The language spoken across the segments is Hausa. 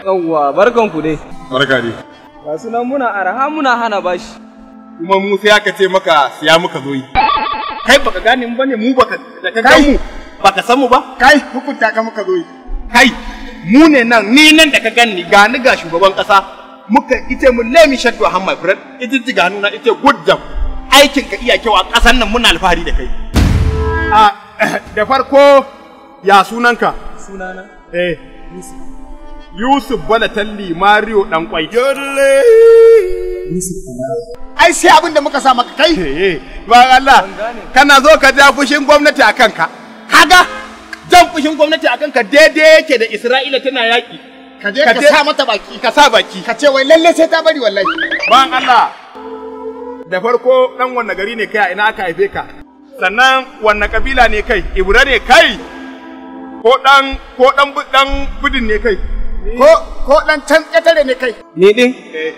Yawwa, barkan ku dai. Barka dai. Ga sunan muna arha muna hana bashi. Kuma mu sai aka ce maka siya muka zo yi. Kai baka gane mu bane mu baka da ka mu baka san mu ba? Kai hukunta ka muka zo yi. Kai mu ne nan ni nan da ka gani ga ni ga shugaban kasa muka ita mu let me shut your hand my friend ita ji ga nuna ita good job aikin ka iya kyau a kasan nan muna alfahari da kai. A ah, da farko ya sunanka? Sunana. Eh. Musa. Yusuf Talli Mario Dankwai. Ai sai abin da muka sa maka kai. Eh, eh, ba Allah kana zo ka ja fushin gwamnati a kanka. Kaga jan fushin gwamnati a kanka daidai yake da Isra'ila tana yaƙi. Ka je ka sa mata baki. Ka sa baki. Ka ce wai lalle sai ta bari wallahi. Ba Allah da farko dan wannan gari ne kai a ina aka haife ka. Sannan wanne kabila ne kai? Ibra ne kai? Ko dan ko dan budin ne kai? Ko ko dan can ƙetare ne kai. Ni din? Eh.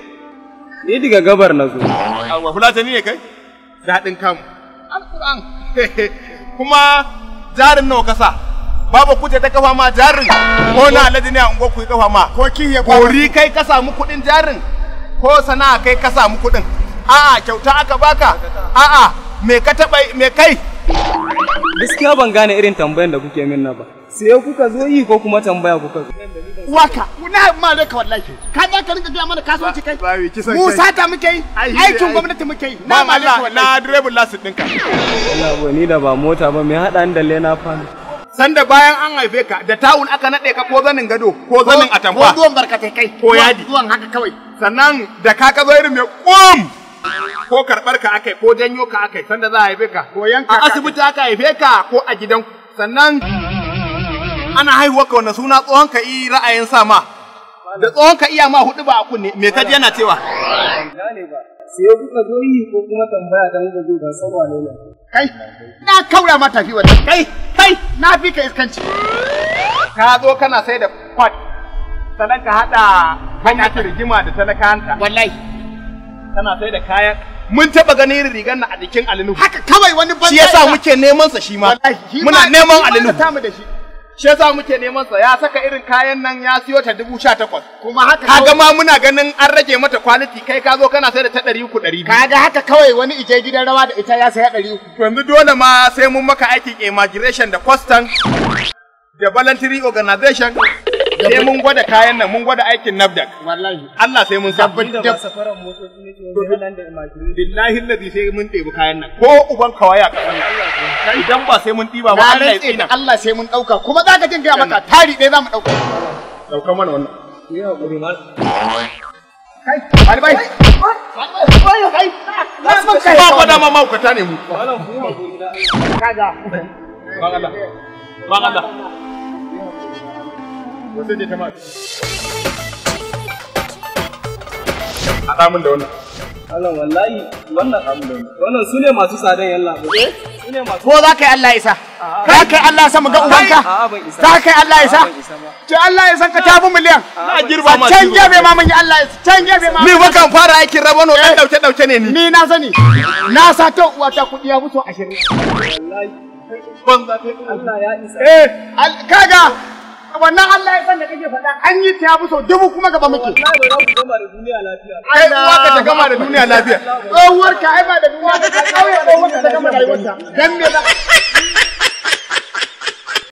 Ni diga gabar na zo. Wa fulatani ne kai? Daɗin kamu. Alƙur'an. Kuma jarin nawa kasa? Babu kuje ta kafa ma jarin. Ko na alhaji ne a unguwar ku kafa ma. Ko ya kwa. Kori kai ka samu kuɗin jarin. Ko sana'a kai ka samu kuɗin. A'a kyauta aka baka. A'a me ka taɓa me kai. Gaskiya ban gane irin tambayan da kuke min na ba. sai kuka zo yi ko kuma tambaya kuka zo waka na ma da ka wallahi ka za ka rinka gaya mana kasuwanci kai musa ta muke yi aikin gwamnati muke yi na ma da na direbin lasu ɗinka Allah bo ni da ba mota ba me haɗa da lena fan sanda bayan an haife ka da tawun aka naɗe ka ko zanin gado ko zanin atamfa ko zuwan barkatai kai ko yadi zuwan haka kawai sannan da ka ka zo irin mai ƙwam ko karɓar ka yi ko janyo ka yi sanda za a haife ka ko yanka a asibiti aka haife ka ko a gidan sannan ana haihuwa ka wannan suna tsohon ka yi ra'ayin sa ma da tsohon ka iya ma hudu ba a kunne me kaji yana cewa sai kuka zo yi ko kuma tambaya dan ga zo ban san wane ne kai na kaura ma tafi wannan kai kai na fi ka iskanci ka zo kana sai da kwat sannan ka hada hanya ta rigima da talakanta wallahi kana sai da kayan mun taba ganin irin rigar na a jikin alinu haka kawai wani banza shi yasa muke neman sa shi ma muna neman alinu shi yasa muke neman sa ya saka irin kayan nan ya siyo ta dubu sha takwas kuma haka kaga ma muna ganin an rage mata quality kai ka zo kana sai da ta ɗari uku ɗari biyu kaga haka kawai wani ije gidan rawa da ita ya saya ɗari uku yanzu dole ma sai mun maka aikin immigration da custom da voluntary organization sai mun gwada kayan nan mun gwada aikin nafdak wallahi Allah sai mun sabbin da safaran motoci ne da imagine billahi alladhi sai mun ɗebi kayan nan ko uban kawaya ka wannan idan ba sai mun diba ba Allah ya tsina Allah sai mun dauka kuma za ka jinga maka tari dai za mu ɗauka ɗauka mana wannan ni hakuri mal kai bari bai kai kai ba fada ma maukata ne mu kaga ba Allah ba Allah wasu ce da wannan Allah wallahi wannan wannan masu tsadan yalla ko za ka yi Allah isa za ka yi Allah isa mu ga ubanka za ka yi Allah isa ki Allah isa ka tafi miliyan a can gebe ma mun yi Allah isa can gebe ma ni bakan fara aikin rabano dan dauke dauke ne ni ni na sani na sa ta uwa ta kudi ya fito wallahi ta Allah ya isa eh kaga wannan Allah ya san da kake faɗa an yi ta sau dubu kuma gaba muke wallahi ba za ku gama da duniya lafiya ai uwa gama da duniya lafiya tsohuwar ka ai ba da duniya ka kauye ko maka ta rayuwarta dan me za